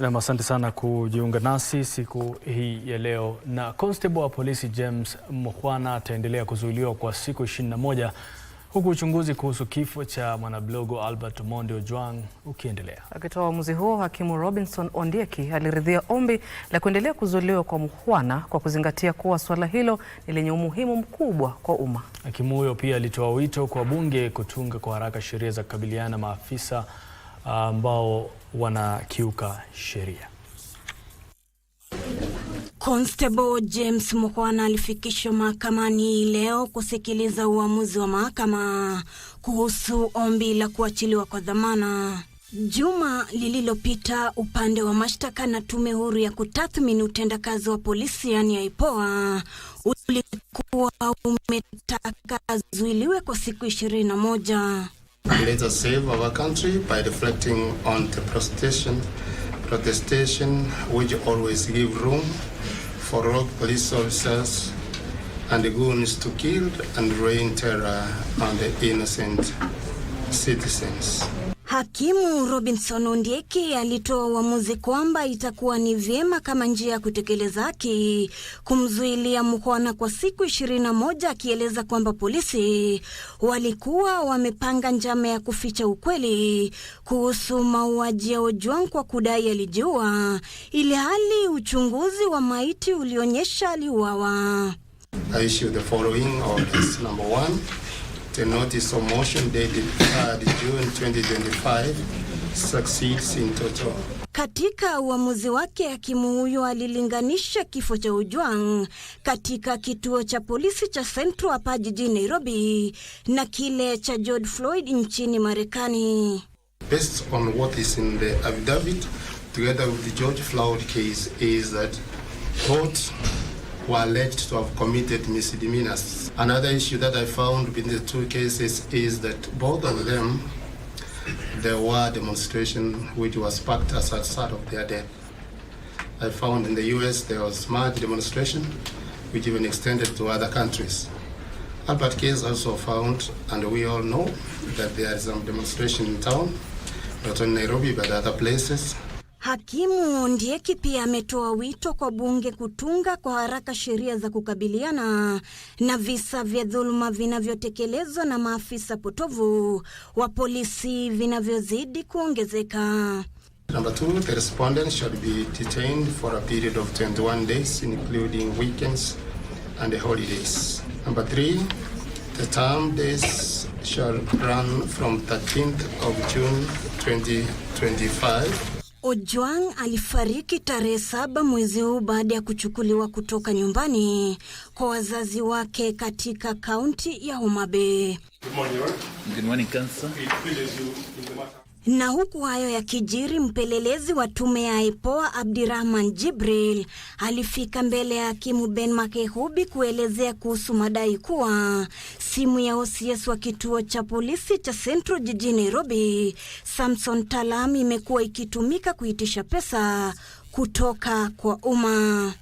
Nam, asante sana kujiunga nasi siku hii ya leo. Na constable wa polisi James Mukhwana ataendelea kuzuiliwa kwa siku 21 huku uchunguzi kuhusu kifo cha mwanablogo Albert Omondi Ojwang ukiendelea. Akitoa uamuzi huo, hakimu Robinson Ondieki aliridhia ombi la kuendelea kuzuiliwa kwa Mukhwana kwa kuzingatia kuwa suala hilo ni lenye umuhimu mkubwa kwa umma. Hakimu huyo pia alitoa wito kwa bunge kutunga kwa haraka sheria za kukabiliana na maafisa ambao wanakiuka sheria. Constable James Mukwana alifikishwa mahakamani hii leo kusikiliza uamuzi wa mahakama kuhusu ombi la kuachiliwa kwa dhamana. Juma lililopita upande wa mashtaka na tume huru ya kutathmini utendakazi wa polisi yaani IPOA ulikuwa umetaka zuiliwe kwa siku ishirini na moja. Let us save our country by reflecting on the protestation, protestation which always give room for rogue police officers and the goons to kill and rain terror on the innocent citizens. Hakimu Robinson Ondieki alitoa uamuzi kwamba itakuwa ni vyema kama njia ya kutekeleza haki kumzuilia Mukhwana kwa siku 21 akieleza kwamba polisi walikuwa wamepanga njama ya kuficha ukweli kuhusu mauaji ya Ojwang kwa kudai alijua ili hali uchunguzi wa maiti ulionyesha aliuawa the notice of motion dated uh, June 2025 succeeds in total. Katika uamuzi wake hakimu huyo alilinganisha kifo cha Ojwang katika kituo cha polisi cha Central hapa jijini Nairobi na kile cha George Floyd nchini Marekani. Based on what is in the affidavit together with the George Floyd case is that both were alleged to have committed misdemeanors. Another issue that I found in the two cases is that both of them, there were demonstrations which were sparked as a result of their death. I found in the US there was mass demonstration which even extended to other countries. Albert case also found, and we all know, that there is some demonstration in town, not only Nairobi but other places, Hakimu Ndieki pia ametoa wito kwa bunge kutunga kwa haraka sheria za kukabiliana na visa vya dhuluma vinavyotekelezwa na maafisa potovu wa polisi vinavyozidi kuongezeka. Number two, the respondent shall be detained for a period of 21 days including weekends and the holidays. Number three, the term days shall run from 13th of June 2025 Ojwang alifariki tarehe saba mwezi huu baada ya kuchukuliwa kutoka nyumbani kwa wazazi wake katika kaunti ya Homa Bay. Na huku hayo ya kijiri mpelelezi wa tume ya EPOA Abdirahman Jibril alifika mbele ya hakimu Ben Makehubi kuelezea kuhusu madai kuwa simu ya OCS wa kituo cha polisi cha Central jijini Nairobi, Samson Talam, imekuwa ikitumika kuitisha pesa kutoka kwa umma.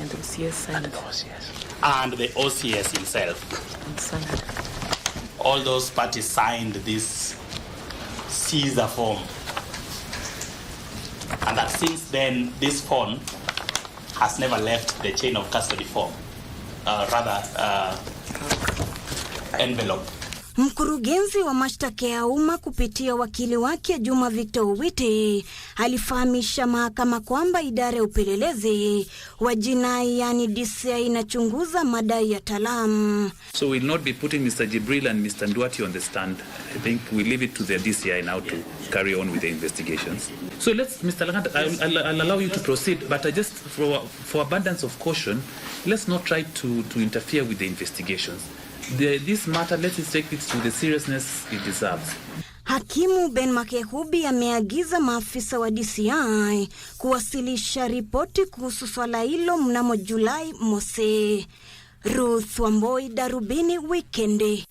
And the OCS and the OCS. And the OCS himself. All those parties signed this Caesar form. And that since then, this form has never left the chain of custody form, uh, rather, uh, uh envelope. Mkurugenzi wa mashtaka ya umma kupitia wakili wake Juma Victor Owite alifahamisha mahakama kwamba idara ya upelelezi wa jinai yani DCI inachunguza madai ya Talam. So we'll not be putting Mr. Jibril and Mr. Nduati on the stand. I think we leave it to the DCI now to carry on with the investigations. So let's, Mr. Langat, I'll, I'll, I'll allow you to proceed, but I just for, for abundance of caution, let's not try to, to interfere with the investigations. The, this matter, let us take it to the seriousness it deserves. Hakimu Ben Makehubi ameagiza maafisa wa DCI kuwasilisha ripoti kuhusu swala hilo mnamo Julai mosi. Ruth Wamboi, Darubini Wikendi.